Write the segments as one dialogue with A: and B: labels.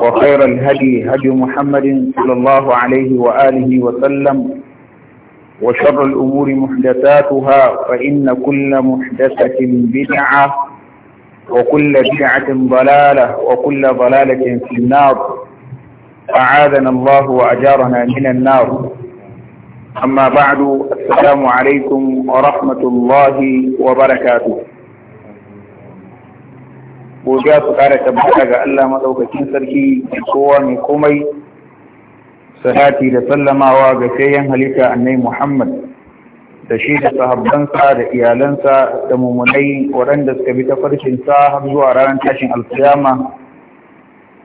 A: وخير الهدي هدي محمد صلى الله عليه وآله وسلم وشر الأمور محدثاتها فإن كل محدثة بدعة وكل بدعة ضلالة وكل ضلالة في النار أعاذنا الله وأجارنا من النار أما بعد السلام عليكم ورحمة الله وبركاته godiya su kara tabbata ga Allah maɗaukakin sarki kowa mai komai salati da sallamawa ga sayan halitta annai Muhammad da shi da sahabbansa da iyalansa da mummunai waɗanda suka bi ta farkinsa har zuwa ranar tashin alfiyama.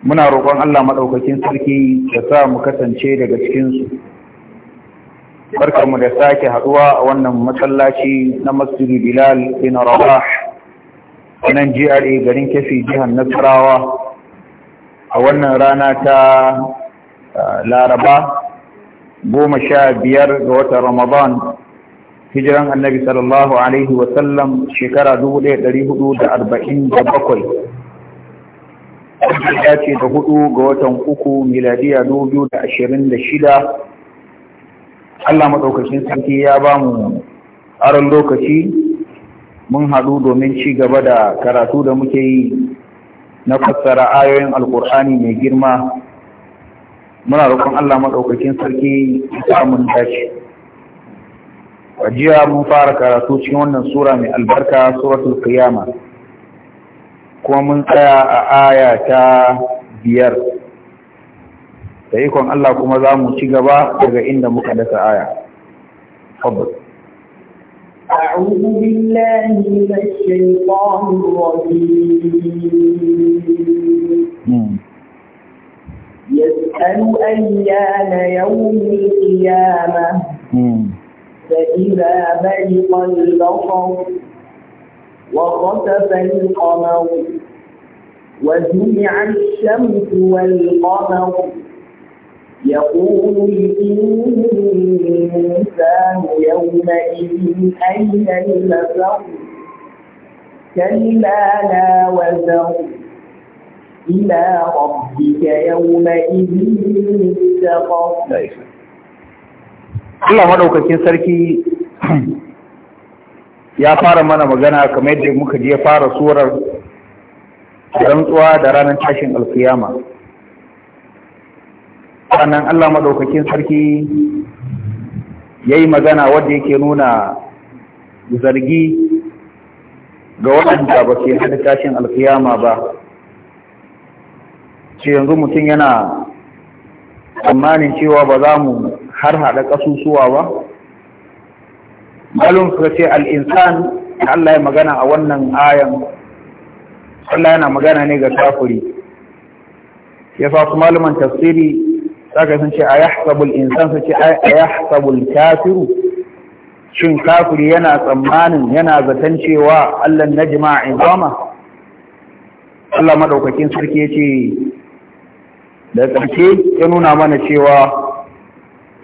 A: muna roƙon Allah maɗaukakin sarki ya sa mu kasance daga cikinsu mu da sake haɗuwa a wannan masallaci na masjidi bilal bin rabah nan GRA garin kefi jihar Nasarawa a wannan rana ta Laraba goma sha biyar ga watan Ramadan hijiran annabi sallallahu Alaihi wasallam shekara dubu da da arba'in bakwai ya ce da hudu ga watan uku miladiya dubu da ashirin da shida Allah maɗaukacin sarki ya ba mu aron lokaci mun haɗu domin ci gaba da karatu da muke yi na fassara ayoyin alkur'ani mai girma muna roƙon Allah maɗaukakin sarki samun dace jiya mun fara karatu cikin wannan sura mai albarka suratul qiyama kuma mun tsaya a aya ta biyar da ikon Allah kuma za mu ci gaba daga inda muka dasa aya.
B: أعوذ بالله من الشيطان الرجيم يسأل أيان يوم القيامة فإذا برق البصر وخسف القمر وجمع الشمس والقمر يقول الإنسان يومئذ أين المفر كلا لا وزر إلى ربك يومئذ المستقر
A: Allah maɗaukakin sarki ya fara mana magana kamar yadda muka je fara surar rantsuwa da ranar tashin alkiyama. sannan Allah maɗaukakin sarki ya yi magana wadda yake nuna zargi ga waɗanda ba ke haɗa tashin alkiyama ba ce yanzu mutum yana tsammanin cewa ba za mu har haɗa ƙasusuwa ba malum suka ce al'insan Allah ya magana a wannan ayan Allah yana magana ne ga safuri ya fasu maluman tafsiri saka sun ce a yahsabul insan sun ce a yahsabul kafiru shin kafiri yana tsammanin yana zaton cewa Allah najma izama Allah madaukakin sarki yace da Sarki ya nuna mana cewa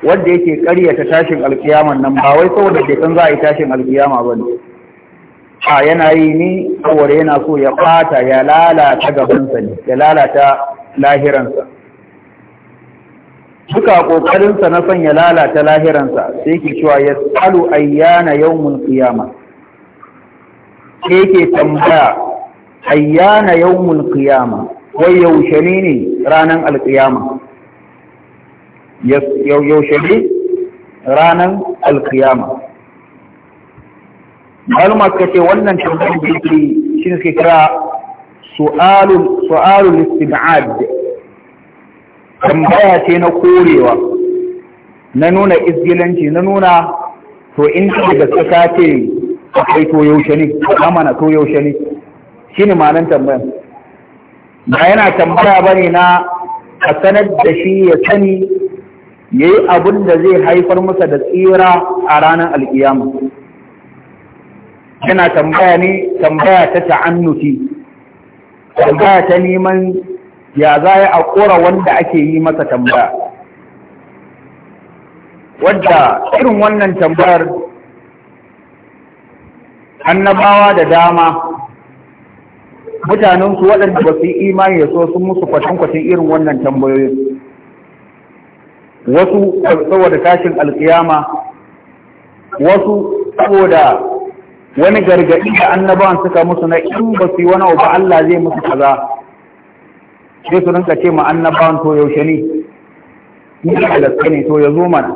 A: wanda yake ƙaryata tashin alkiyama nan ba wai saboda ke san za a yi tashin alkiyama ba ne a yana yi ni saboda yana so ya fata ya lalata gabansa ne ya lalata lahiransa duka kokarinsa na son ya lalata lahiransa sai ke cewa ya salu ayyana yawmul qiyama sai yake tambaya ayyana yawmul qiyama wai yaushe ne ne ranan alqiyama yaushe ne ranan alqiyama malama suka ce wannan tambayar da yake shi ne suke kira su'alul su'alul istib'ad tambaya ce na korewa na nuna izgilanci na nuna to in da gaske ka ce akwai to yaushe ne amana to yaushe ne shine ma'anar tambaya. ba yana tambaya bane na a sanar da shi ya sani ya yi abin da zai haifar masa da tsira a ranar alkiyama yana tambaya ne tambaya ta ta'annuti tambaya ta neman ya za a kora wanda ake yi masa tambaya wadda irin wannan tambayar annabawa da dama mutanensu waɗanda ba su yi imani da so sun musu kwatankwacin irin wannan tambayoyin wasu saboda tashin alkiyama wasu saboda wani gargaɗi da annabawan suka musu na in ba su yi wani ba Allah zai musu kaza sai su rinka ce ma annabawan to yaushe ne ni halatta ne to ya zo mana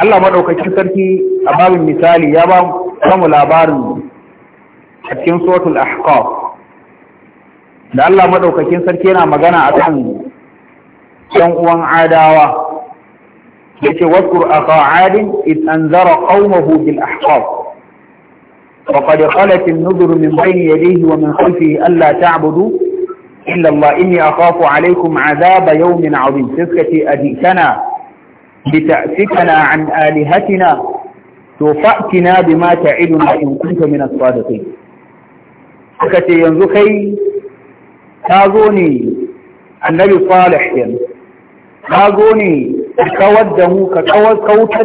A: Allah madaukakin sarki a babin misali ya ba mu labarin a cikin suratul ahqaf da Allah madaukakin sarki yana magana akan ɗan uwan adawa Ya yace waskur aqa adin id anzara qaumahu bil ahqaf وقد خلت النذر من بين يديه ومن خلفه ألا تعبدوا إلا الله إني أخاف عليكم عذاب يوم عظيم سكتي أديتنا لتأفكنا عن آلهتنا توفأتنا بما تعدنا إن كنت من الصادقين سيسكتي ينزخي تاغوني النبي صالح تاغوني ka kawar da mu ka kautar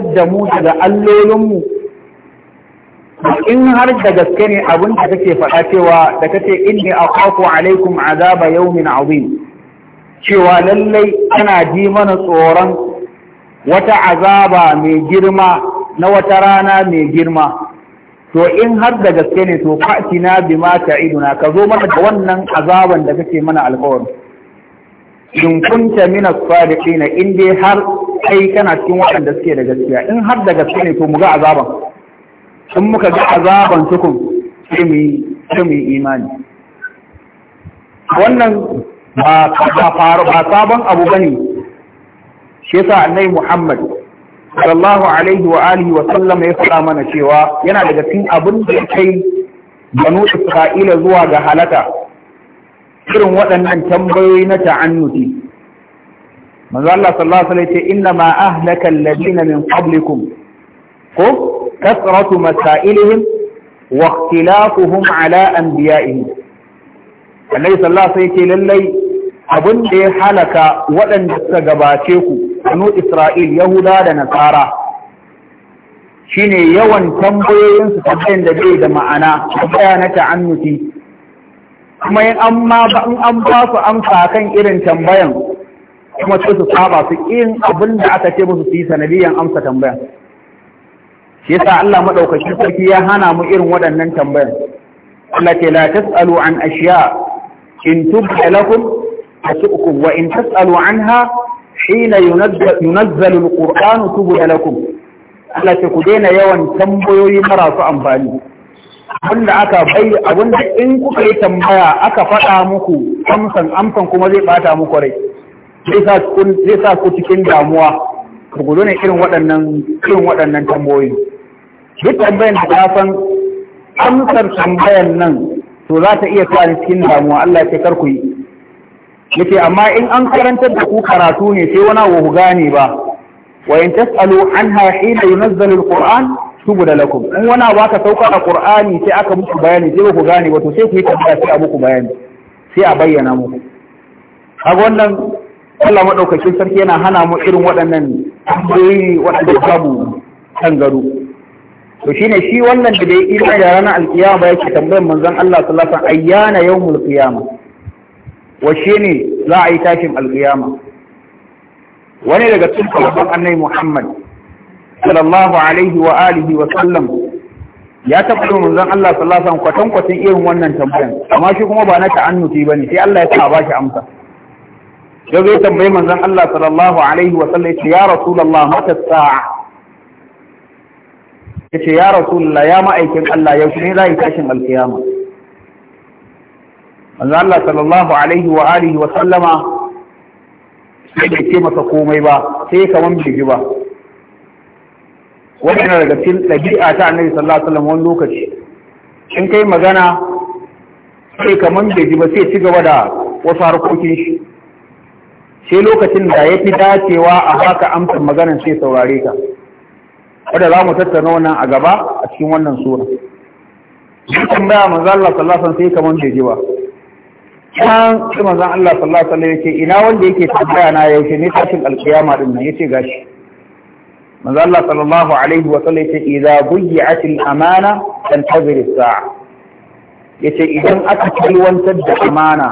A: in har da gaske ne abin da kake faɗa cewa da kace inni akhafu alaikum azaba yawmin azim cewa lallai ana ji mana tsoron wata azaba mai girma na wata rana mai girma to in har da gaske ne to fatina bima ta'iduna ka zo mana da wannan azaban da kake mana alƙawari in kunta min as in dai har kai kana cikin waɗanda suke da gaskiya in har da gaske ne to mu ga azaban in muka ga azaban tukun sai mu imani wannan ba sabon abu bane shi yasa annabi Muhammad sallallahu alaihi wa alihi wa sallam ya faɗa mana cewa yana daga cikin abin da ya kai banu Isra'ila zuwa ga halaka irin waɗannan tambayoyi na ta'annuti manzo Allah sallallahu alaihi wa sallam ya ce inna ma ahlaka alladhina min qablikum ko kasratu masailihin wa ikhtilafuhum ala anbiya'ihim annabi sallallahu alaihi wasallam lallai abin da ya halaka waɗanda suka gabace ku banu Isra'il Yahuda da Nasara shine yawan tambayoyin su tambayan da bai da ma'ana tambaya na ta'annuti kuma in an ma ba in an ba su irin tambayan kuma su saba su in abin da aka ce musu su yi sanadiyan amsa tambayan shi yasa Allah madaukakin sarki ya hana mu irin waɗannan tambayar Allah ke la tasalu an ashiya in tubda lakum tasukum wa in tasalu anha hina yunazzalu alquran tubda lakum Allah ce ku daina yawan tambayoyi marasu amfani wanda aka bai abinda in kuka yi tambaya aka faɗa muku amsan amsan kuma zai bata muku rai zai sa ku cikin damuwa ku gudu ne irin waɗannan irin waɗannan tambayoyi duk tambayan da ta san amsar tambayan nan to za ta iya sa ni cikin damuwa Allah ya ce kar ku yi yake amma in an karantar da ku karatu ne sai wani wa gane ba wa in tasalu anha hina yunzalu alquran tubda lakum in wani ba ka sauka a qur'ani sai aka muku bayani sai ku gane wato sai ku yi tambaya sai a muku bayani sai a bayyana muku kaga wannan Allah madaukakin sarki yana hana mu irin waɗannan tambayoyi waɗanda babu kan gado to ne shi wannan da bai imani da ranar alkiyama ba yake tambayar manzon Allah sallallahu alaihi wasallam ayyana yawmul qiyama wa ne za a yi tashin alkiyama wani daga cikin sahabban annabi Muhammad sallallahu alaihi wa alihi wa sallam ya tabbata manzon Allah sallallahu alaihi wasallam kwatan kwatan irin wannan tambayar amma shi kuma ba na ta'annuti ne, sai Allah ya sa ba shi amsa sai zai tambayi manzon Allah sallallahu alaihi wa sallam ya rasulullah mata sa'a ya ce ya rasulullah ya ma'aikin Allah yaushe ne za a yi tashin alkiyama manzo Allah sallallahu alaihi wa alihi wa sallama sai bai ke masa komai ba sai kaman bai ji ba wannan daga cikin ɗabi'a ta annabi sallallahu alaihi wasallam wani lokaci in kai magana sai kaman bai ji ba sai ci gaba da wasu harkokin shi sai lokacin da ya fi dacewa a haka amsar maganar sai saurare ka wadda za mu tattauna wannan a gaba a cikin wannan sura shi tambaya manzo Allah sallallahu alaihi wasallam sai kamar bai ji ba kan shi manzo Allah sallallahu alaihi wasallam yake ina wanda yake tambaya na yaushe ne tashin alkiyama din nan ce gashi manzo Allah sallallahu alaihi wasallam yace idza buyi'atil amana tantazir as-sa'a yace idan aka kalwantar da amana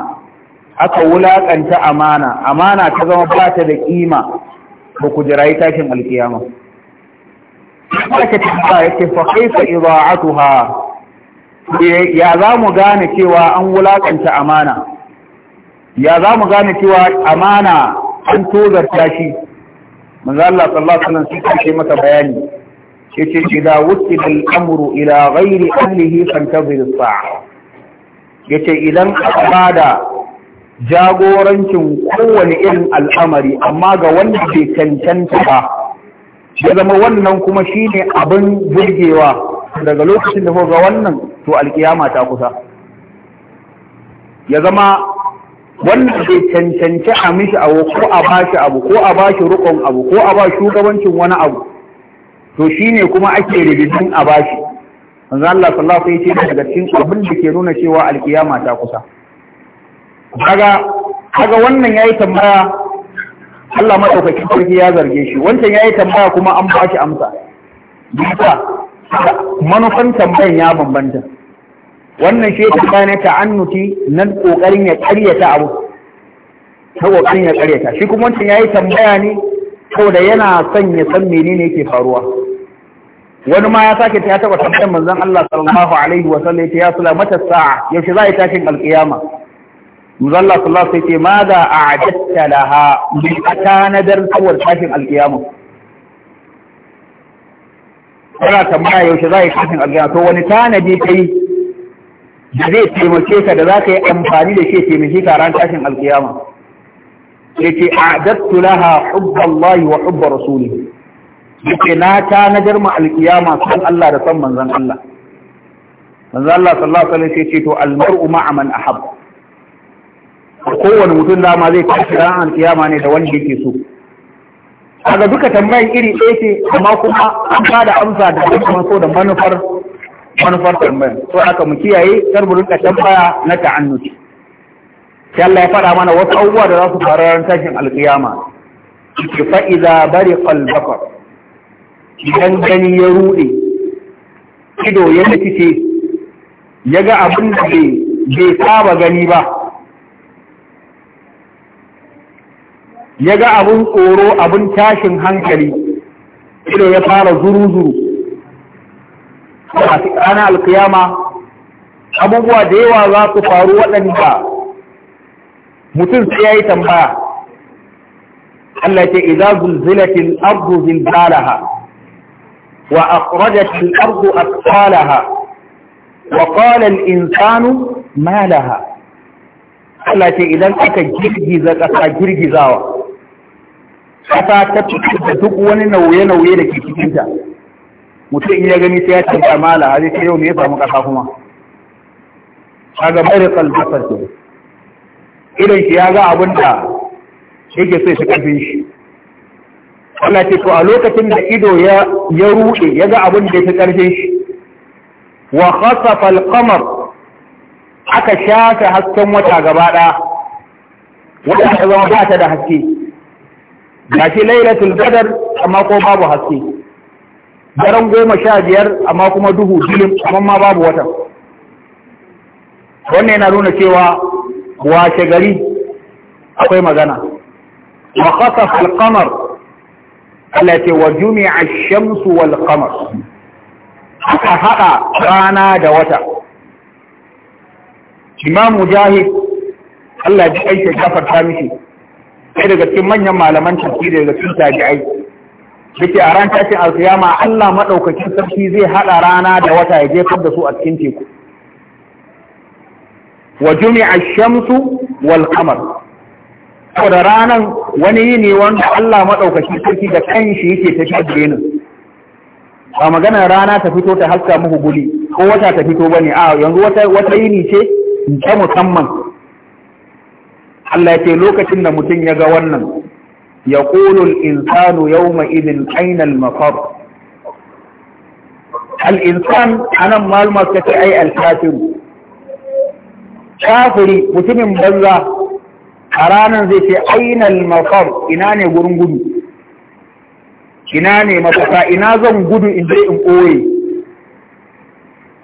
A: aka wulakanta amana amana ta zama ba ta da kima ba ku jirayi tashin alkiyama aka tafiya yake fa kaifa ya za mu gane cewa an wulakanta amana ya za mu gane cewa amana an tozarta shi manzo Allah sallallahu alaihi wasallam shi mata bayani yace idza wukila al-amru ila ghairi ahlihi fantazir as-sa'a yace idan abada jagorancin kowane irin al'amari amma ga wanda bai cancanta ba ya zama wannan kuma shine abin burgewa daga lokacin da ga wannan to alkiyama ta kusa ya zama wannan bai cancanci a mishi abu ko a bashi abu ko a bashi rukon abu ko a ba shugabancin wani abu to shine kuma ake rubutun a bashi manzo Allah sallallahu alaihi wasallam daga cikin abin da ke nuna cewa alkiyama ta kusa kaga kaga wannan yi tambaya Allah madaukakin sarki ya zarge shi wancan ya yi tambaya kuma an ba shi amsa bisa
C: manufan tambayan
A: ya bambanta wannan shi ta ne ta'annuti nan kokarin ya karyata abu ta kokarin ya karyata shi kuma wancan ya yi tambaya ne da yana son ya san menene yake faruwa wani ma ya sake ta taɓa tambayan manzon Allah sallallahu alaihi wa sallam ya sula mata sa'a yaushe za a yi tashin alƙiyama Muzalla sallallahu sai ce ma da a ajatta laha min atanadar tsawar tashin alkiyama. Kana tambaya yaushe za a yi tashin alkiyama to wani tanadi ka yi da zai taimake ka da za ka yi amfani da shi taimake ka ran tashin alkiyama. Sai ce a ajatta laha hubballahi wa hubba rasuli. yake na tanadar ma alƙiyama san Allah da san manzon Allah manzon Allah sallallahu alaihi wasallam sai ce to almar'u ma'a man ahab kowane mutum dama zai kashi ranar kiyama ne da wani da yake so kaga duka tambayan iri ɗaya ce amma kuma an ba da amsa da kuma so da manufar manufar tambayan so aka mu kiyaye kar mu tambaya na ta'annuci sai Allah ya faɗa mana wasu abubuwa da za su faru ran tashin alkiyama ki fa idza bari al idan gani ya rude ido ya ce. ya ga abin da bai saba gani ba ya ga abin tsoro abin tashin hankali ido ya fara zuru-zuru a ranar alkiyama abubuwa da yawa za su faru waɗanda mutum sai ya yi tambaya Allah ce idza zulzilatil ardu zilzalaha wa akhrajatil ardu athqalaha wa qala al insanu ma laha Allah ce idan aka girgiza ƙasa girgizawa
B: ƙasa ta cikin da duk
A: wani nauye-nauye da ke ta mutum iya gani sai ya ba mala a zai yau ne ya samu kasa kuma kaga mai da kalbasar ke idan shi ya ga abin da yake so shi karfin shi Allah ce to a lokacin da ido ya ruɗe ya ga abin da ya fi karfin shi wa khasafa falkamar aka shafe hasken wata gaba ɗaya wata ta zama ba ta da haske ga shi lailatul qadar amma ko babu haske daren goma sha biyar amma kuma duhu dilim amma ma babu wata wannan yana nuna cewa washe gari akwai magana wa khasafa al-qamar allati wa jumi'a ash-shamsu wal-qamar aka haɗa rana da wata imam mujahid Allah ji aisha gafarta mishi sai daga cikin manyan malaman tafsiri daga cikin tabi'ai ke a ran tashin alkiyama Allah maɗaukakin sarki zai haɗa rana da wata ya jefar da su a cikin teku wa jumi'a shamsu wal qamar saboda ranan wani yi ne wanda Allah madaukakin sarki da kanshi yake tafiyar da yinin ba magana rana ta fito ta haska muku guli ko wata ta fito ba ne? a yanzu wata wata yini ce ta musamman Allah ce lokacin da mutum ya ga wannan ya ƙulul insanu yau ma'idin ainihin mafar
C: al'insan
A: a nan malumar ta ce ai alkafiru kafiri mutumin banza a ranar zai ce ainihin mafar ina ne gurin gudu ina ne mafaka ina zan gudu in je in ɓoye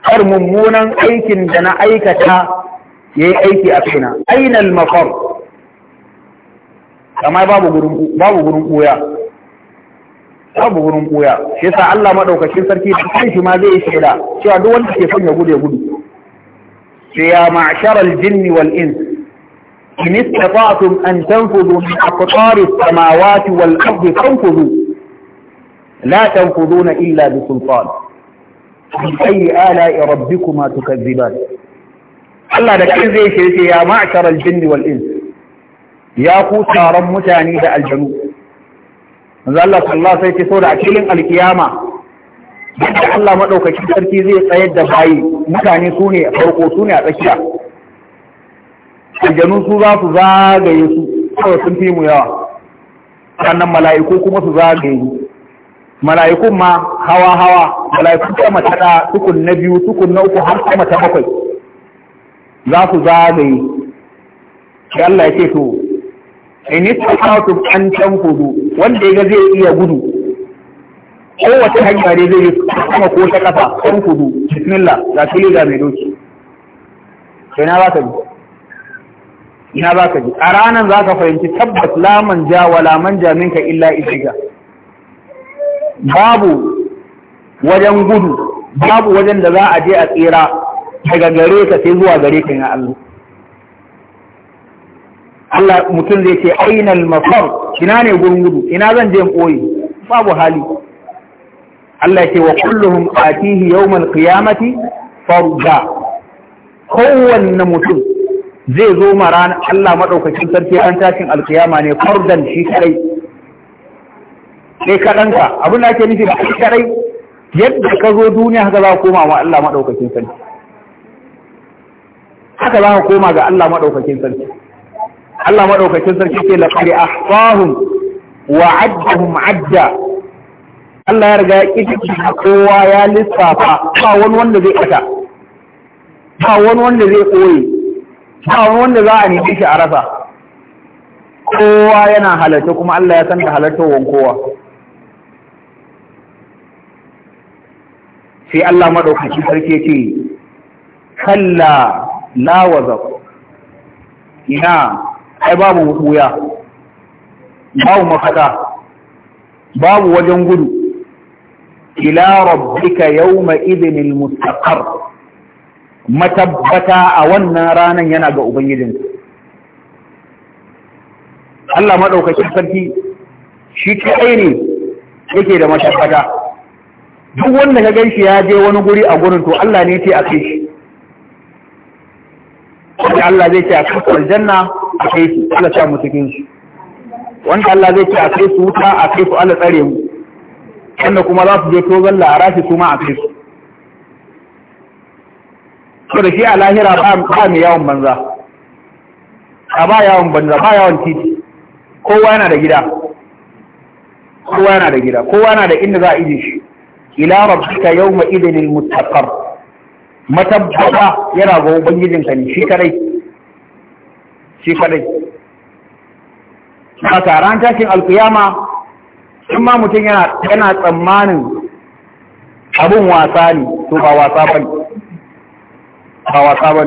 A: har mummunan aikin da na aikata ya yi aiki a kaina ainihin mafar amma babu gurin babu gurin koya babu gurin koya shi yasa Allah madaukakin sarki da kanshi ma zai shaida cewa duk wanda ke son ya gude gudu sai ya ma'sharal jinni wal ins in istata'tum an tanfudu min aqtari samawati wal ardi fanfudu la tanfuduna illa bi sultan bi ayi ala'i rabbikuma tukazziban Allah da kai zai shaida ya ma'sharal jinni wal ins ya ku taron mutane da aljanu manzo Allah sallallahu alaihi wasallam sai da akilin alkiyama yadda Allah madaukakin sarki zai tsayar da bayi mutane su ne a farko su ne a tsakiya aljanu su za su zagaye su kawai sun fi mu yawa sannan mala'iku kuma su zagaye su mala'ikun ma hawa hawa mala'ikun sama ta da tukun na biyu tukun na uku har sama ta bakwai za su zagaye shi Allah ya ce to in istata'tum an tanfudu wanda ya ga zai iya gudu kowace hanya ne zai yi kuma ko ta kafa tanfudu bismillah ga fili ga mai doki sai na baka ji ina baka ji a ranan za ka fahimci tabbas laman ja wa laman ja minka illa isiga babu wajen gudu babu wajen da za a je a tsira daga gare ka sai zuwa gare ka ya Allah Allah mutum zai ce ainal mafar ina ne gurin gudu ina zan je koyi babu hali Allah ce wa kulluhum atihi yawmal qiyamati farda kowanne mutum zai zo ma ran Allah madaukakin sarki an tashin alkiyama ne fardan shi kadai sai kaɗanka abin da ake nufi da kai kadai yadda ka zo duniya haka za ka koma wa Allah madaukakin sarki haka za ka koma ga Allah madaukakin sarki Allah madaukakin sarki ke laqad ahsahum wa addahum adda Allah ya riga ya kici kowa ya lissafa ba wani wanda zai kata ba wani wanda zai koyi ba wani wanda za a nemi shi a rasa kowa yana halarta kuma Allah ya san da halartar kowa sai Allah madaukakin sarki ce kalla la ina ai babu wuya babu mafaka babu wajen gudu ila rabbika yawma idhinil mustaqar matabbata a wannan ranan yana ga ubangijin Allah madaukakin sarki shi kai ne yake da matabbata duk wanda ka ganshi ya je wani guri a gurin to Allah ne ya ce a kai shi
B: Allah zai ce a kafar aljanna a kai su Allah ta mu
A: cikin shi wanda Allah zai ce a kai su wuta a kai su Allah tsare mu wanda kuma za su je tozon la'arashi su ma a kai su so da shi a lahira ba mai yawon banza a ba yawon banza ba yawon titi kowa yana da gida kowa yana da gida kowa yana da inda za a iji shi ila rabbika yawma idinil muttaqar matabbata yana ga ubangijinka ne shi kadai shi kadai haka ran tashin alkiyama in ma mutum yana tsammanin abin wasa ne to ba wasa ba ne ba wasa ba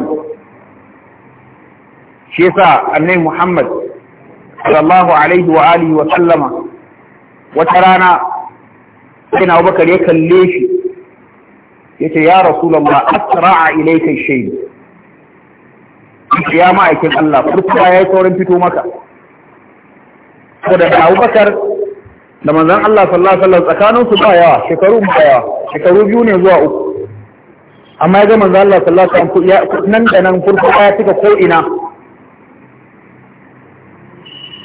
A: shi yasa annai muhammad sallallahu alaihi wa alihi wa sallama wata rana sai na abubakar ya kalle shi ya ce ya rasulallah asra'a ilaikan shaidu ya ma'aikin Allah kurkuwa ya yi saurin fito maka saboda da abubakar da manzan Allah sallallahu alaihi wasallam tsakanin su ba yawa shekaru ba yawa shekaru biyu ne zuwa uku amma ya ga manzan Allah sallallahu alaihi wasallam nan da nan kurkuwa ya cika ko ina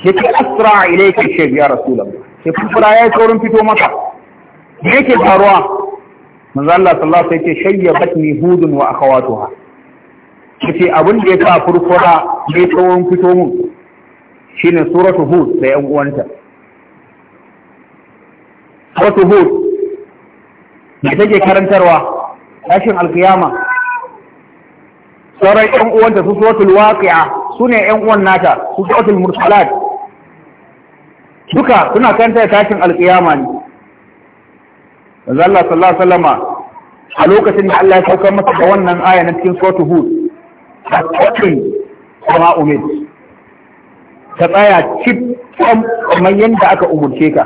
A: yake asra ilayka shaykh ya rasulullah sai kurkuwa ya yi saurin fito maka Me yake faruwa manzan Allah sallallahu alaihi wasallam yake shayyabatni hudun wa akhawatuha kace abin da ya sa furfura mai tsawon fito mun shine suratu hud da yan uwanta suratu hud da take karantarwa
C: tashin alkiyama
A: sauran yan uwanta su suratul waqi'a sune yan uwan nata su suratul mursalat duka suna karanta tashin alkiyama ne Allah sallallahu alaihi wasallama a lokacin da Allah ya saukar masa da wannan aya na cikin suratul hud tabbatin kuma umid ta tsaya cif kamar yadda aka umurce ka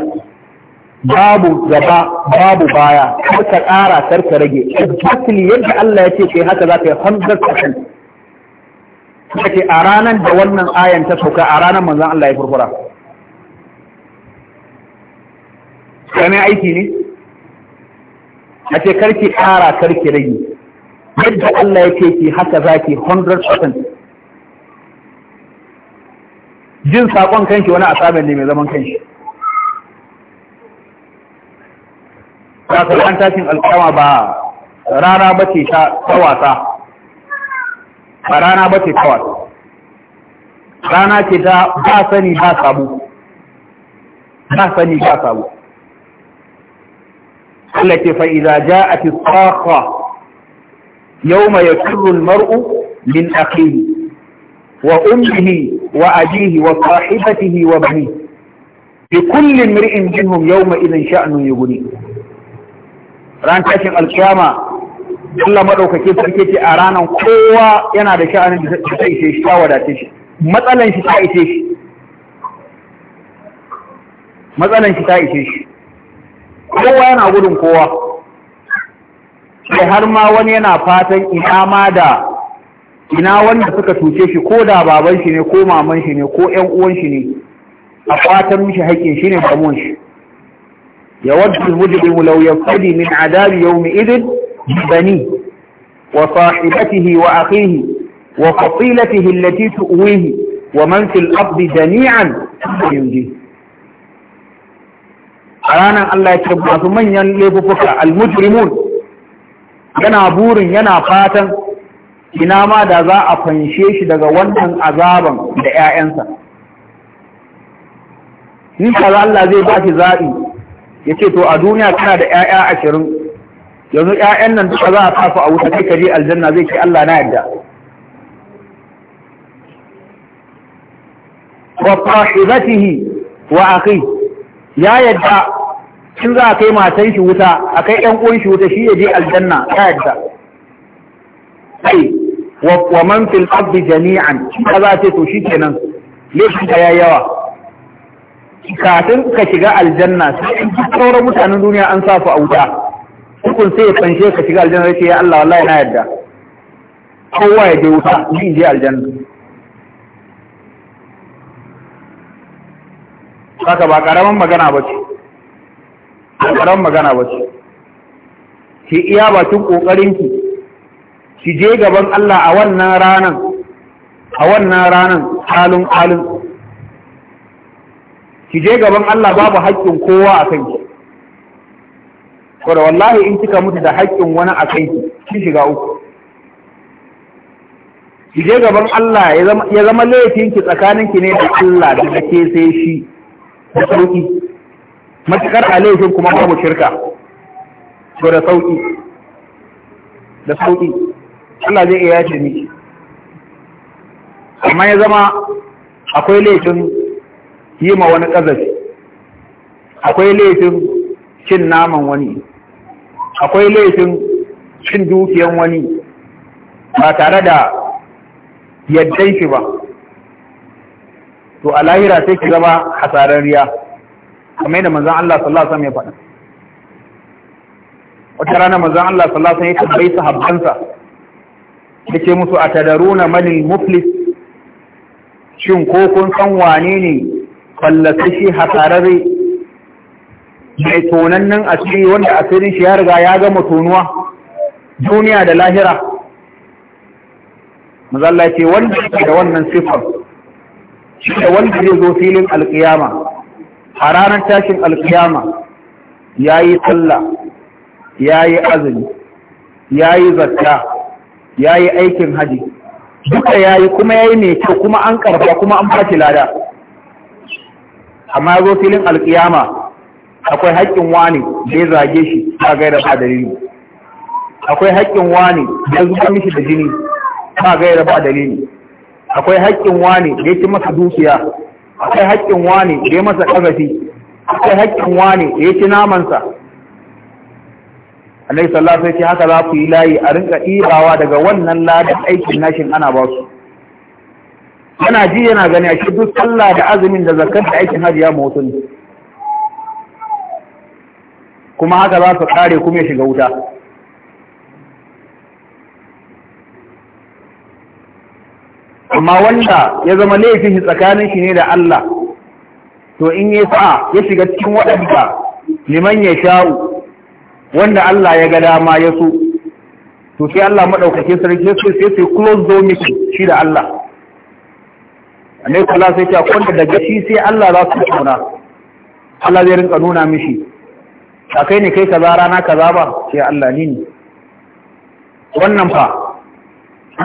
A: babu gaba babu baya kar ka ƙara kar ka rage exactly yadda Allah ya ce kai haka za ka yi hundred percent Ka ce a ranar da wannan ayan ta sauka a ranar manzan Allah ya furfura kame aiki ne a ce karki ƙara karki rage yadda Allah yake ki haka zaki 100% jin sakon kanki wani asabar ne mai zaman kanshi an tashin alkama ba rana ba ce ta wasa ba rana ba ce ta wasa rana ce ta ba sani ba sabu ba sani ba sabu Allah ce fa'iza ja a fi tsakwa يوم يفر المرء من أخيه وأمه وأبيه وصاحبته وبنيه لكل امرئ منهم يومئذ شأن يغنيه ran tashin alkiyama Allah madaukake sarki ce a ranar kowa yana da sha'anin da ta ishe shi ta wadace shi matsalan shi ta ishe shi matsalan shi ta ishe shi kowa yana gudun kowa sai har ma wani yana fatan ina ma da ina wanda suka tuce shi ko da baban shi ne ko maman shi ne ko ƴan uwan shi ne a fatan mishi haƙin shi ne damuwan shi ya wadda mujrim law yafadi min adabi yawmi idin bani wa sahibatihi wa akhihi wa fasilatihi allati tuwihi wa man fil ardi jami'an yunji a ranar Allah ya ce masu manyan laifuka al-mujrimun yana burin yana fatan ina ma da za a fanshe shi daga wannan azaban da ‘ya'yansa. Ni za Allah zai ba shi zaɓi ya ce, To, a duniya tana da ‘ya'ya ashirin, yanzu ‘ya'yan nan duka za a kafa a wuta kai kaje aljanna zai ke Allah na yadda. Wa fa'izatihi wa akhi ya yadda in za a kai matan shi wuta a kai ‘yan uwan shi wuta shi ya je aljanna ta yadda ai wa man fil ardi jami'an shi za ce to shi nan. laifin ka yayi yawa kafin ka shiga aljanna sai sauran mutanen duniya an sa a wuta hukun sai ya fanshe ka shiga aljanna sai ya Allah wallahi na yadda kowa ya je wuta ni in je aljanna Saka ba ƙaramin magana ba ce. ƙoƙarin magana ba ce ki iya bakin ƙoƙarinki ki je gaban Allah a wannan ranan a wannan ranan halin halin ki je gaban Allah babu haƙƙin kowa a kanki saboda wallahi in kika mutu da haƙƙin wani a kanki ki shiga uku ki je gaban Allah ya zama laifinki tsakaninki ne da Allah da ke sai shi da sauƙi matukar a laifin kuma babu shirka to da sauƙi, da sauƙi, Allah zai iya ce miki amma ya zama akwai laifin yi ma wani ƙazafi akwai laifin cin naman wani akwai laifin cin dukiyan wani ba tare da yaddan shi ba to a lahira sai ki zama hasararriya kamar yadda manzan Allah sallallahu alaihi wasallam ya faɗa wata rana manzan Allah sallallahu alaihi wasallam ya tabbai sahabbansa yace musu atadaruna manil muflis shin ko kun san wane ne shi hasararre mai tonannin asiri wanda asirin shi ya riga ya gama tonuwa duniya da lahira mazalla ce wanda ke da wannan sifar shi da wanda zai zo filin alƙiyama. a ranar tashin alkiyama ya yi sallah ya yi azumi ya yi zarta ya yi aikin haji duka ya yi kuma ya yi mai kyau kuma an karfa kuma an fashi lada amma zo filin alkiyama akwai haƙƙin wani da ya zage shi ta gaira ba dalili akwai haƙƙin wani da ya zuba mishi da jini ta gaira ba dalili akwai haƙƙin wani da ya ci masa dukiya akwai haƙƙin wane da ya masa ƙazafi akwai haƙƙin wane da ya ci namansa annai ya ce haka za ku yi layi a rinka ɗibawa daga wannan ladan aikin nashin ana ba su yana ji yana gani a shi duk sallah da azumin da zakar da aikin Hajiya ya ne kuma haka za su kare kuma ya shiga wuta amma wanda ya zama laifin shi tsakanin shi ne da Allah to in ya fa'a ya shiga cikin waɗanda liman ya sha'u wanda Allah ya ga dama ya so to sai Allah maɗaukake sarki sai sai sai close door meeting shi da Allah annai kula sai ta kwanta daga shi sai Allah za su tsona Allah zai rinka nuna mishi a kai ne kai kaza rana kaza ba sai Allah ni ne wannan fa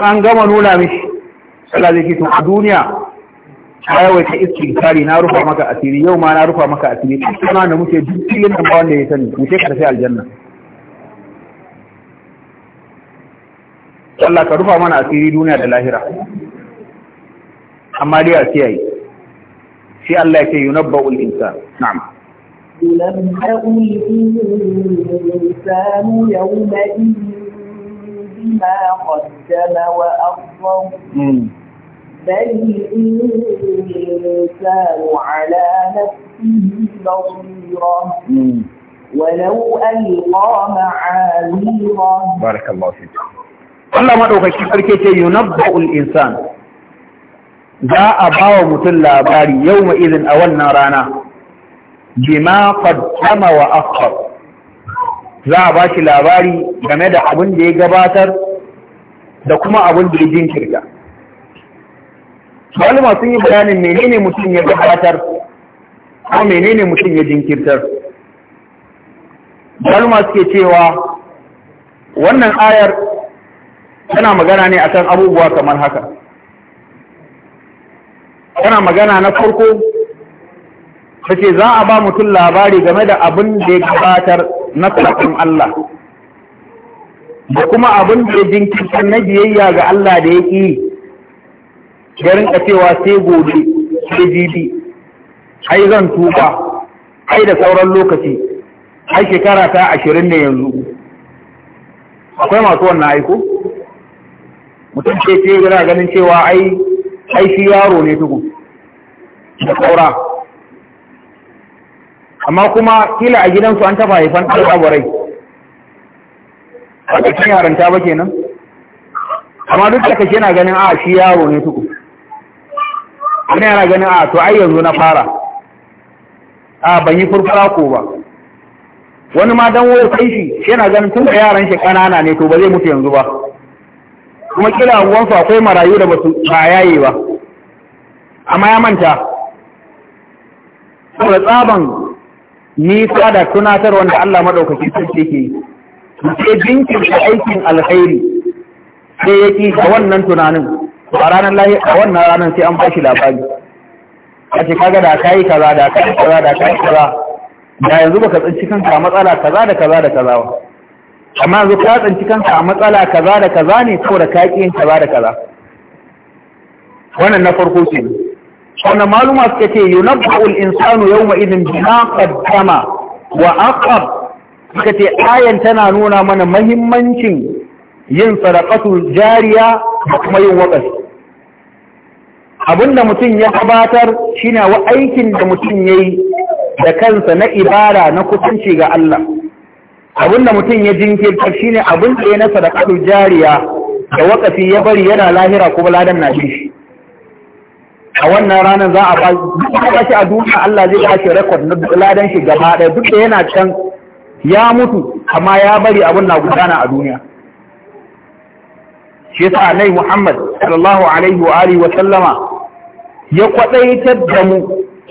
A: an gama nuna mishi Allah zai ce a duniya ta yawaita tsari na rufa maka asiri yau ma na rufa maka asiri kuma da muke duk filin da ba wanda ya sani mu ce karfi aljanna Allah ka rufa mana asiri duniya da lahira amma dai a kiyaye shi Allah ya ce yunabba'ul insan na'am
B: yunabba'ul insan yawma بما قدم وأخر بل الإنسان على نفسه بصيرة ولو ألقى معاذيرة بارك الله فيك
A: الله ما دوكا شي فرقه تي ينبا الانسان جاء باو متل لاباري يوم اذن اولنا رانا بما قدم واخر za a ba shi labari game da abin da ya gabatar da kuma abin da ya jinkirta malama sun yi bayanin menene mutum ya gabatar ko menene mutum ya jinkirtar malama suke cewa wannan ayar tana magana ne akan abubuwa kamar haka tana magana na farko ta ce za a ba mutum labari game da abin da ya gabatar na sakon Allah da kuma abin da ya jinkirta na biyayya ga Allah da ya ƙi ya rinka cewa sai gobe sai jibi ai zan tuba ai da sauran lokaci
C: ai shekara ta
A: ashirin ne yanzu akwai masu wannan aiko mutum ce ce yana ganin cewa ai ai shi yaro ne tukun da saura amma kuma kila a gidansu an tafa haifan ɗan a ba ta cin yaranta ba kenan amma duk da kake na ganin a ah, shi yaro ne tuku wani yana ganin a ah, to ai yanzu na fara a ah, ban yi furfura ko ba wani ma dan waya kai shi shi yana ganin tun da yaran shi ƙanana ne to ba zai mutu yanzu ba kuma kila anguwansu akwai marayu da basu su ba yaye ba amma ya manta saboda tsaban nisa da tunatar wanda Allah maɗaukaki ce ke yi jinkin ta aikin alkhairi sai ya ƙi a wannan tunanin a ranar lahi a wannan ranar sai an bashi labari a ce kaga da kayi kaza da kayi kaza da kayi kaza da yanzu baka tsinci kanka a matsala kaza da kaza da kaza ba amma yanzu ka tsinci kanka a matsala kaza da kaza ne saboda ka ƙi yin kaza da kaza wannan na farko kenan wanda maluma suka ce yunabba'ul insanu yawma idin bima qaddama wa aqab suka ce ayan tana nuna mana mahimmancin yin sadaqatul jariya da kuma yin waqafi abinda mutum ya gabatar shine wa aikin da mutum yi da kansa na ibada na kusanci ga Allah abinda mutum ya jinkirta shine abin da ya na sadaqatul jariya da waƙafi ya bari yana lahira kuma ladan na shi a wannan ranar za a ba shi a duniya Allah zai ba shi rekod na ladan shi gaba ɗaya duk da yana can ya mutu amma ya bari abin na gudana a duniya shi yasa annabi Muhammad sallallahu alaihi wa alihi wa sallama ya kwadaitar da mu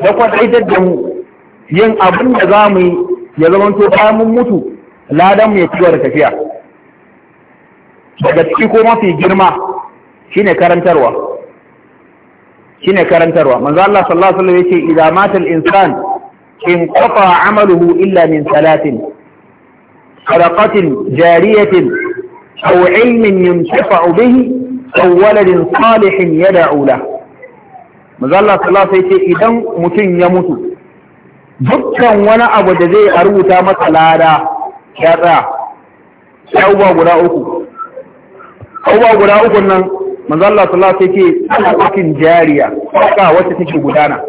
A: ya kwadaitar da mu yin abin da zamu yi ya zama to ba mun mutu ladan mu ya ci da tafiya daga ciki ko mafi girma shine karantarwa shine karantarwa manzo Allah sallallahu alaihi wasallam yace idza mata al-insan in qata amaluhu illa min salatin sadaqatin jariyatin aw ilmin yuntafa'u bihi aw waladin salihin yad'u lahu manzo Allah sallallahu alaihi wasallam yace idan mutum ya mutu dukkan wani abu da zai a rubuta masa lada ya tsaya sai guda uku abubuwa guda uku nan manzo Allah sallallahu alaihi wasallam yake jariya saka wacce take gudana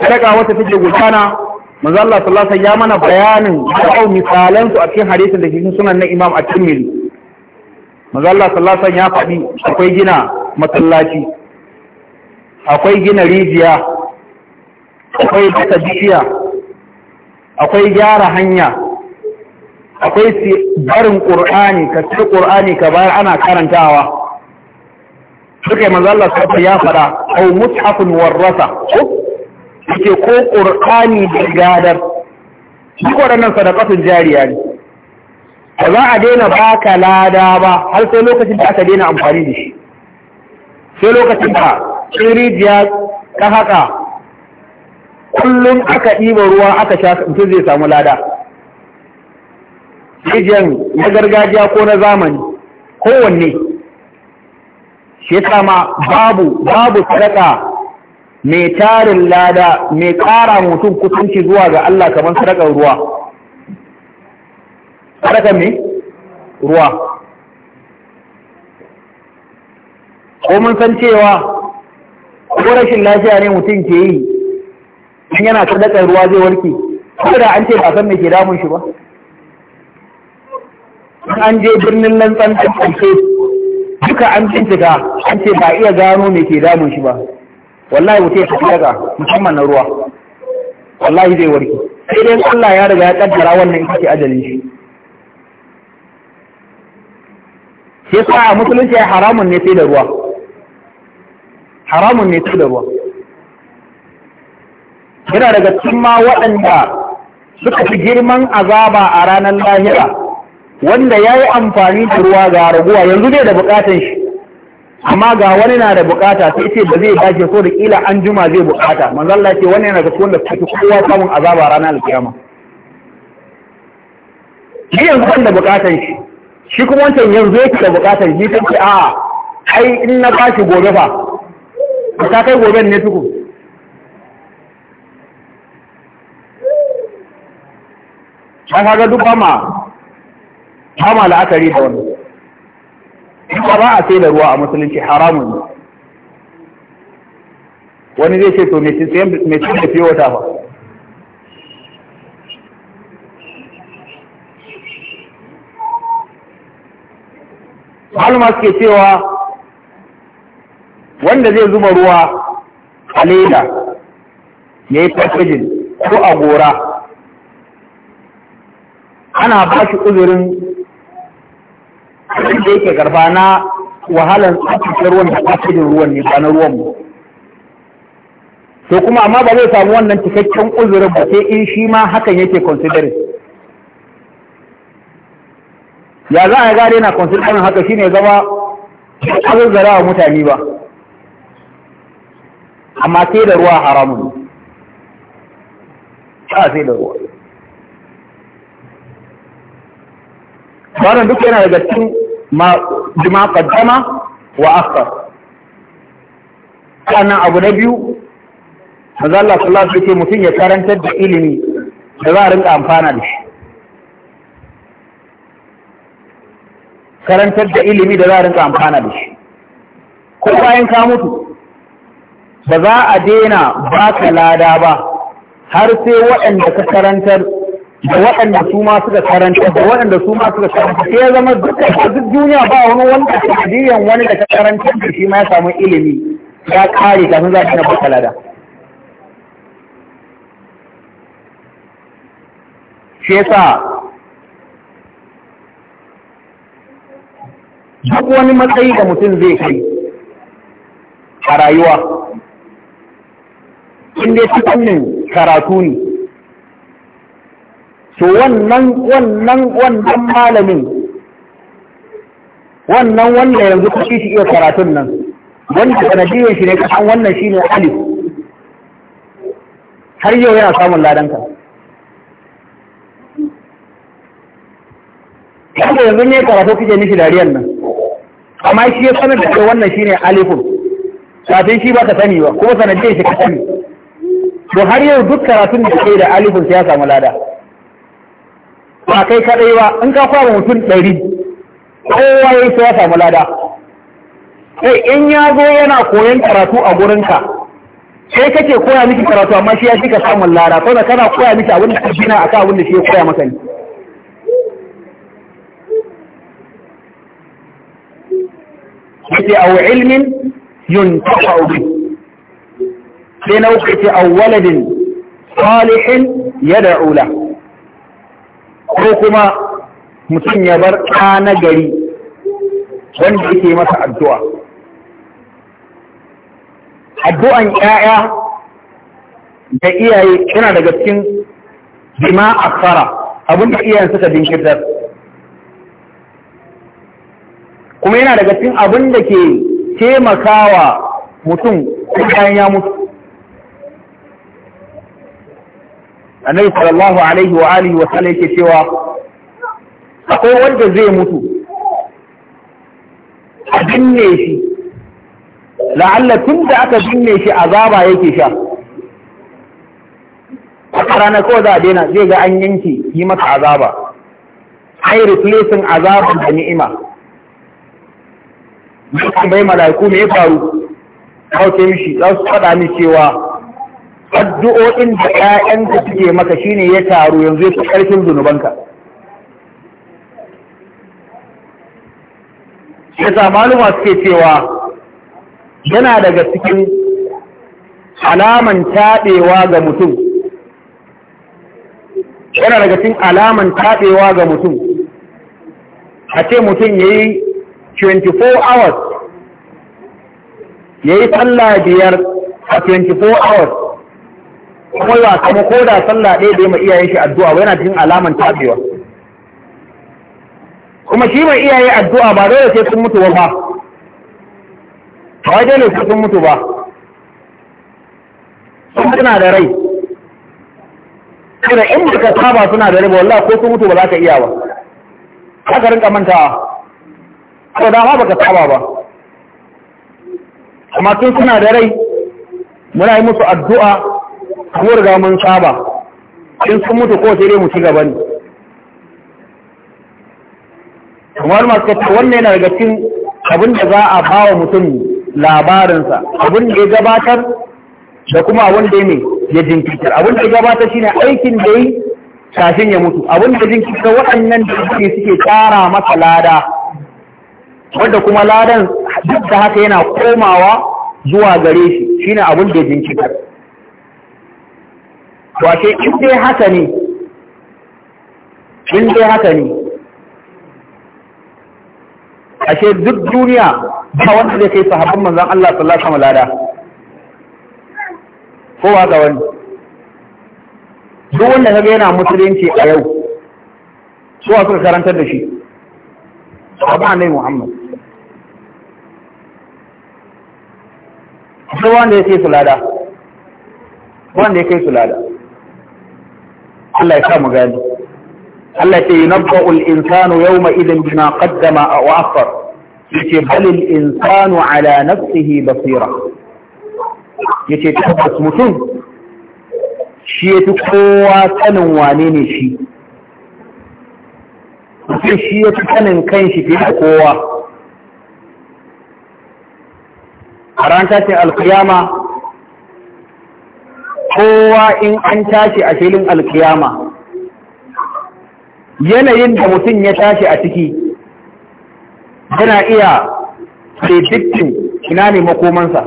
A: saka wacce take gudana manzo Allah sallallahu alaihi wasallam ya mana bayanin da misalan su a cikin hadisin da cikin sunan na Imam At-Tirmidhi manzo Allah sallallahu alaihi wasallam ya faɗi akwai gina matsalaci akwai gina rijiya akwai bata bishiya akwai gyara hanya akwai barin ƙur'ani ka ce ƙur'ani ka bayar ana karantawa suka yi manzo Allah ya fada au mushafun warrasa suke ko qur'ani da gadar duk waɗannan sadaqatun jariya ne ba za a daina baka lada ba har sai lokacin da aka daina amfani da shi sai lokacin da rijiya ta haka kullum aka ɗiba ruwa aka sha mutum zai samu lada rijiyan na gargajiya ko na zamani kowanne shi yasa babu babu sadaka mai tarin lada mai kara mutum kusanci zuwa ga Allah kamar sadakar ruwa sadakar ne ruwa ko mun san cewa ko rashin lafiya ne mutum ke yi in yana sadakar ruwa zai warke Kada da an ce ba san me ke damun shi ba an je birnin lantsan da ƙarshe duka an bincika an ce ba iya gano me ke damun shi ba wallahi wuce ta ga musamman na ruwa wallahi zai warke sai dai Allah ya riga ya kaddara wannan ita ce ajalin shi sai sa a musulunci ya haramun ne sai da ruwa haramun ne sai da ruwa yana daga cikin ma waɗanda suka fi girman azaba a ranar lahira wanda ya yi amfani da ruwa ga raguwa yanzu ne da bukatan shi amma ga wani na da bukata sai ce ba zai dace ko da kila an juma zai bukata manzalla ce wani yana ga su wanda suke kowa samun azaba ranar alkiyama shi yanzu kan da bukatan shi shi kuma wancan yanzu yake da bukatan shi ce a ai in na bashi gobe fa ta kai goben ne tukun ka ga duk ba ma kama la'akari da wannan ba ba a sai da ruwa a musulunci haramun ne wani zai ce to mai cin da fiye wata ba Malama suke cewa wanda zai zuba ruwa a leda ya yi packaging ko a gora ana ba shi uzurin abin da yake karba na wahalar tsakiyar ruwan da asirin ruwan ne ba na ruwan mu to kuma amma ba zai samu wannan cikakken uzurin ba sai in shi ma hakan yake considering ya za a gare na considering haka shine zama azuzzara wa mutane ba amma sai da ruwa haramun ba sai da ruwa wannan duk yana daga cikin ma bima qaddama wa akhar sannan abu na biyu manzo Allah sallallahu alaihi wasallam mutum ya karanta da ilimi da za a rinka amfana da shi karantar da ilimi da za a rinka amfana da shi ko bayan ka mutu ba za a daina baka lada ba har sai waɗanda ka karantar da waɗanda su ma suka karanta da waɗanda su ma suka karanta sai ya zama da duk duniya ba wani wanda hadiyan wani da ta karanta da shi ma ya samu ilimi ya kare kafin za ta na bakalada shi yasa duk wani matsayi da mutum zai kai a rayuwa in dai cikin karatu ne to wannan wannan wannan malamin wannan wanda yanzu kushi shi iya karatun nan wanda sanadiyyar shi ne kasan wannan shi ne alif har yau yana samun ladanka yadda yanzu ne karatu kuke nishi dariyar nan amma shi ya sanar da kai wannan shi ne alifun kafin shi ba ka sani ba kuma sanadiyyar shi ka sani to har yau duk karatun da ke da alifun sai ya samu lada ba kai kadai ba in ka kwaba mutum ɗari kowa ya yi ya samu lada sai eh, in ya zo yana koyon karatu a gurinka sai kake koya miki karatu amma shi ya shi ka samun lada ko da kana koya miki abin da ka gina akan abin da shi ya koya maka ne yace aw ilmin yuntafa'u bi sai na uku ce a waladin salihin yad'u lahu ko kuma mutum ya bar ɗa gari wanda yake masa addu'a addu'an ‘ya'ya da iyaye yana daga cikin jima a fara abinda iyayen suka dinkirtar kuma yana daga cikin abin da ke taimakawa mutum kayan ya mutu annabi sallallahu alaihi wa alihi wa sallam yake cewa akwai wanda zai mutu a binne shi la'alla tun da aka binne shi azaba yake sha a ranar kawai za a daina zai ga an yanke yi masa azaba ai replacing azaban da ni'ima mai bai mala'iku me ya faru kawo mishi za su faɗa ni cewa addu'o'in da ƴaƴanka suke maka shine ya taru yanzu ya fi ƙarfin zunubanka Ya yasa maluma suke cewa yana daga cikin alaman taɓewa ga mutum yana daga cikin alaman taɓewa ga mutum a ce mutum ya yi 24 hours ya yi tsalla biyar a 24 hours kuma ya kama ko da sallah ɗaya da ma iyayen shi addu'a ba yana cikin alaman tabewa kuma shi mai iyaye addu'a ba dole sai sun mutu ba ba dole sai sun mutu ba sun suna da rai kada in ba ka saba suna da rai wallahi ko sun mutu ba za ka iya ba haka rinka mantawa ko da ba ka saba ba amma tun suna da rai muna yi musu addu'a ko riga mun saba in sun mutu ko sai dai mu ci gaba ne
C: kamar masu kata
A: wannan yana daga cikin abin da za a bawa mutum labarinsa abin da ya gabatar da kuma abin da ya ne ya jinkirtar abin da ya gabatar shine aikin da yi shashin ya mutu abin da jinkirtar waɗannan da suke tsara masa lada wadda kuma ladan duk da haka yana komawa zuwa gare shi shine abin da ya jinkirtar wace in haka ne in haka ne ashe duk duniya ba wanda zai kai sahabban manzon Allah sallallahu alaihi wasallam ko ga wani duk wanda kaga yana musulunci a yau su a suka karantar da shi sahaba ne Muhammad sai wanda ya kai sulada, wanda ya kai sulada. Allah ya sa mu gani Allah ce yunabbu al-insanu yawma idin bima qaddama wa akhar yace bal al-insanu ala nafsihi basira
C: yace tabbas mutum
A: shi yafi kowa sanin wane ne shi mutum shi yafi sanin kanshi fiye da kowa a ce al alkiyama kowa in an tashi a filin alkiyama yanayin da mutum ya tashi a ciki yana iya predicting ina ne makomansa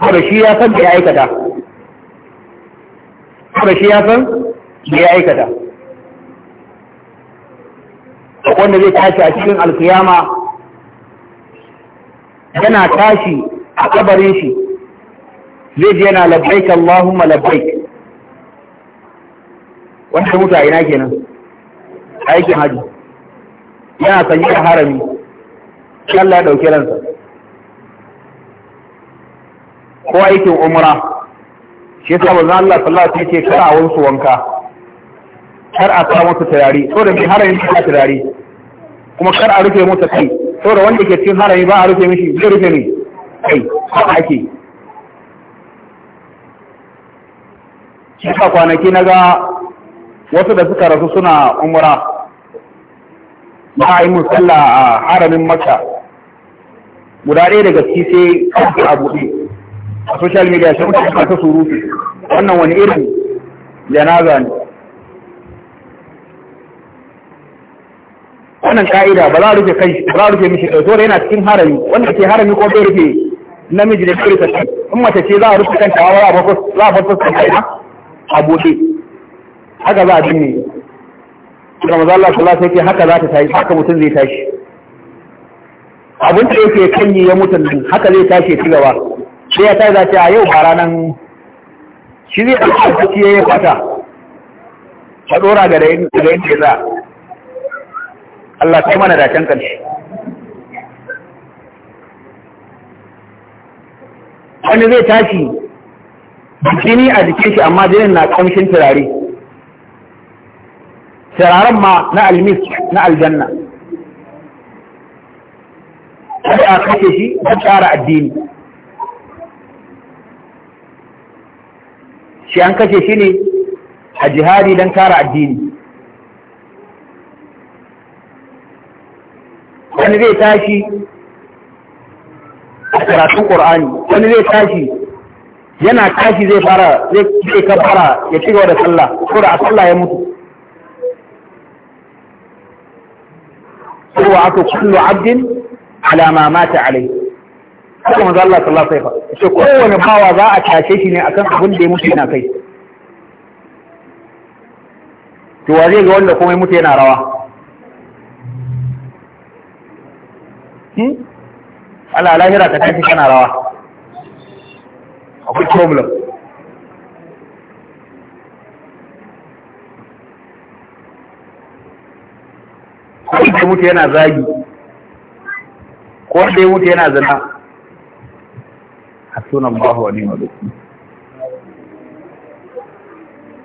A: saboda shi ya san da ya aikata saboda shi ya san da ya aikata wanda zai tashi a cikin alkiyama yana tashi a kabarin shi zai ji yana labbaik Allahumma labbaik wanda mutu a ina kenan aikin haji yana sanye da harami Allah ya dauke ransa
C: ko aikin umra shi yasa manzo Allah sallallahu alaihi wasallam yake kar a wansu wanka
A: kar a sa musu so da mai harami ta tarari kuma kar a rufe musu kai da wanda ke cikin harami ba a rufe mishi zai rufe mai. kai ko ake shi kwanaki na ga wasu da suka rasu suna umura ba a yi musalla a haramin makka guda ɗaya daga ciki sai kawai a buɗe a social media shi mutane ta surutu wannan wani irin janaza ne wannan ka'ida ba za a rufe kai ba za a rufe mishi ɗauko da yana cikin harami wanda ke harami ko bai rufe namiji da kiri in mace ce za a rufe kanta wa za a farko za kai a bude haka za a binne kuma maza Allah sallallahu alaihi wasallam haka za ta tashi haka mutum zai tashi abin da yake kanyi ya mutu nan haka zai tashi ci gaba sai ya tashi za ta yau ba ranar shi zai ɗauka ciki ya yi fata ta ɗora ga dayin da ya za Allah kai mana da can ƙarshe wani zai tashi bikini a jikin shi amma jinin na kamshin turare turaren ma na almis na aljanna kada a kashe shi ta tsara addini shi an kashe shi ne a jihadi don tsara addini wani zai tashi a karatun ƙor'ani wani zai tashi yana tashi zai fara zai fara ya ci gaba da sallah ko da sallah ya mutu kowa aka kullu abdin ala ma mata alai kuma manzo Allah sallallahu alaihi wasallam ce kowane bawa za a tashe shi ne akan abin da ya mutu yana kai to wa zai ga wanda kuma ya mutu yana rawa hmm? ala lahira ka tashi kana rawa akwai problem ko da mutu yana zagi ko da mutu yana zina hasuna Allah wa ni'mal wakil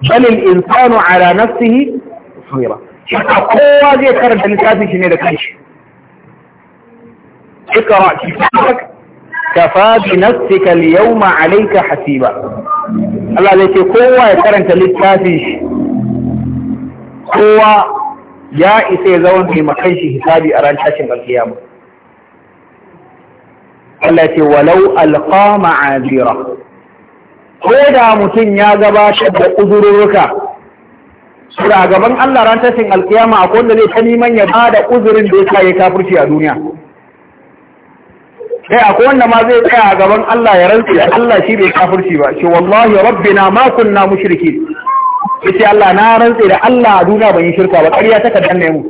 A: bal al insanu ala nafsihi shaka kowa zai karanta littafin shi ne da kanshi ikra kitabaka kafa bi nafsika al-yawma alayka hasiba Allah zai ce kowa ya karanta littafin shi kowa ya isa ya zama mai makan shi hisabi a ran tashin alkiyama Allah ya ce walau alqa ma'azira ko da mutum ya gabatar da uzurruka sura gaban Allah ran tashin alkiyama akwai wanda zai ta neman ya bada uzurin da ya kai kafirci a duniya kai eh, akwai wanda ma zai tsaya a gaban Allah ya rantsi ya Allah shi bai kafirci ba shi wallahi rabbina ma kunna mushirki. yace Allah na rantsi da Allah a duniya ban yi shirka ba ƙarya ta kaddan ne mu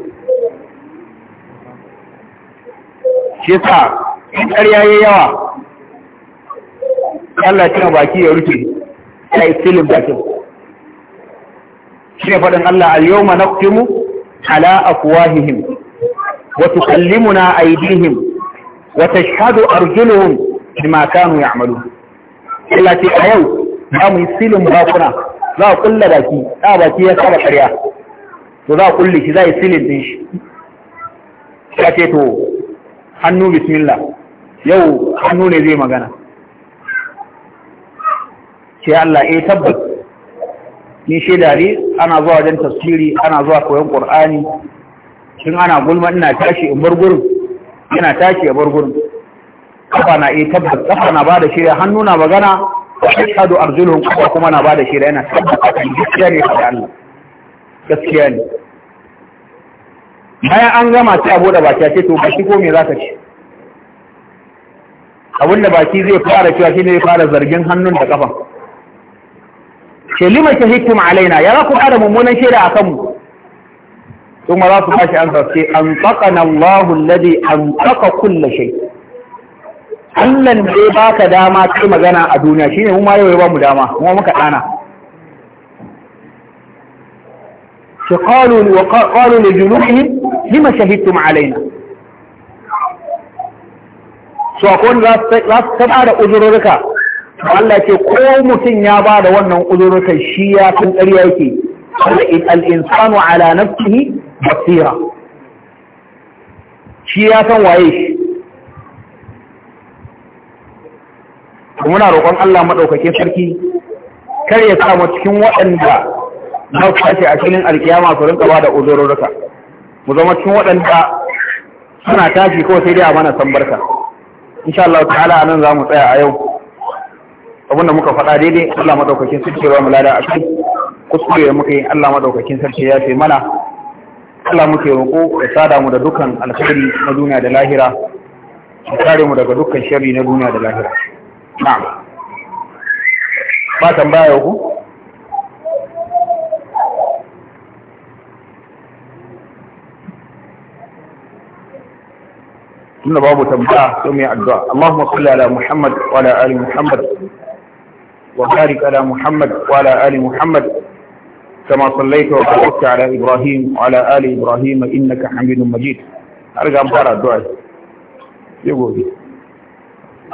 A: shi yasa in ƙarya yayi yawa Allah ya baki ya rufe ya isilin bakin shi ne faɗin Allah al-yawma naqtimu ala afwahihim wa tukallimuna aydihim wa tashhadu arjuluhum bima kanu ya'malun illa ce a yau za mu yi silin bakuna za a kulla baki da baki ya saba ƙarya to za a kulle shi za a yi silin din shi ya ce to hannu bismillah yau hannu ne zai magana ce Allah eh tabbas ni shaida ne ana zuwa wajen tafsiri ana zuwa koyon Qur'ani shin ana gulma ina tashi in bar gurin yana tashi a bar gurin kafa na iya tabbas kafa na bada shirya hannu na magana wa ashhadu arjuluhum kafa kuma na bada shirya yana tabbata gaskiya ne da Allah gaskiya ne bayan an gama sai abu da baki ce to baki ko me zaka ci abin da baki zai fara cewa shine ya fara zargin hannun da kafan shelima lima shahidtum alaina yara ku da mummunan shaida akan mu ثم لا تباشي أنت في أنطقنا الله الذي أنطق كل شيء Allahn da ya baka dama kai magana a duniya shine mu ma yau ya bamu dama kuma muka dana shi qalu wa qalu li junubihim lima shahidtum alaina so akwai za su taɓa da uzurruka Allah ce ko mutum ya ba da wannan uzurrukan shi ya san ƙarya yake al'insanu ala nafsihi basira shi ya san waye shi muna roƙon Allah maɗaukake sarki kar ya samu cikin waɗanda na kwashe a cikin alƙiyama su rinƙa ba da uzurorruka mu zama cikin waɗanda suna tashi kawai sai dai a mana barka. insha Allah ta'ala anan za mu tsaya a yau abinda muka faɗa daidai Allah maɗaukake sarki ba mu lada a kai kuskure da muka yi Allah madaukakin sarki ya ce mana Allah muke roƙo ya sada mu da dukkan alkhairi na duniya da lahira ya kare mu daga dukkan sharri na duniya da lahira na'am ba tambaya ku tunda babu tambaya sai mu yi addu'a Allahumma salli ala Muhammad wa ala ali Muhammad wa barik ala Muhammad wa ala ali Muhammad كما صليت وباركت على إبراهيم وعلى آل إبراهيم إنك حميد مجيد أرجع مبارا الدعاء يقول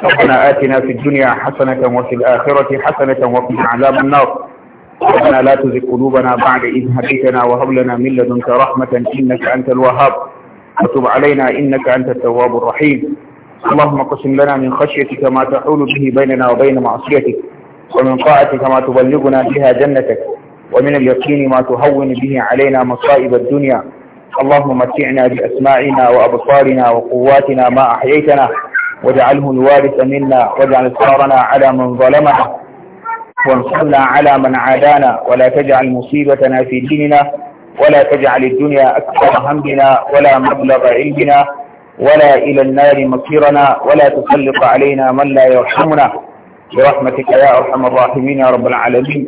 A: ربنا آتنا في الدنيا حسنة وفي الآخرة حسنة وقنا عذاب النار ربنا لا تزغ قلوبنا بعد إذ هديتنا وهب لنا من لدنك رحمة إنك أنت الوهاب وتب علينا إنك أنت التواب الرحيم اللهم اقسم لنا من خشيتك ما تحول به بيننا وبين معصيتك ومن طاعتك ما تبلغنا بها جنتك ومن اليقين ما تهون به علينا مصائب الدنيا اللهم متعنا بأسماعنا وأبصارنا وقواتنا ما أحييتنا واجعله الوارث منا واجعل صارنا على من ظلمنا
C: وانصرنا على
A: من عادانا ولا تجعل مصيبتنا في ديننا ولا تجعل الدنيا أكثر همنا ولا مبلغ علمنا ولا إلى النار مصيرنا ولا تسلط علينا من لا يرحمنا برحمتك يا أرحم الراحمين يا رب العالمين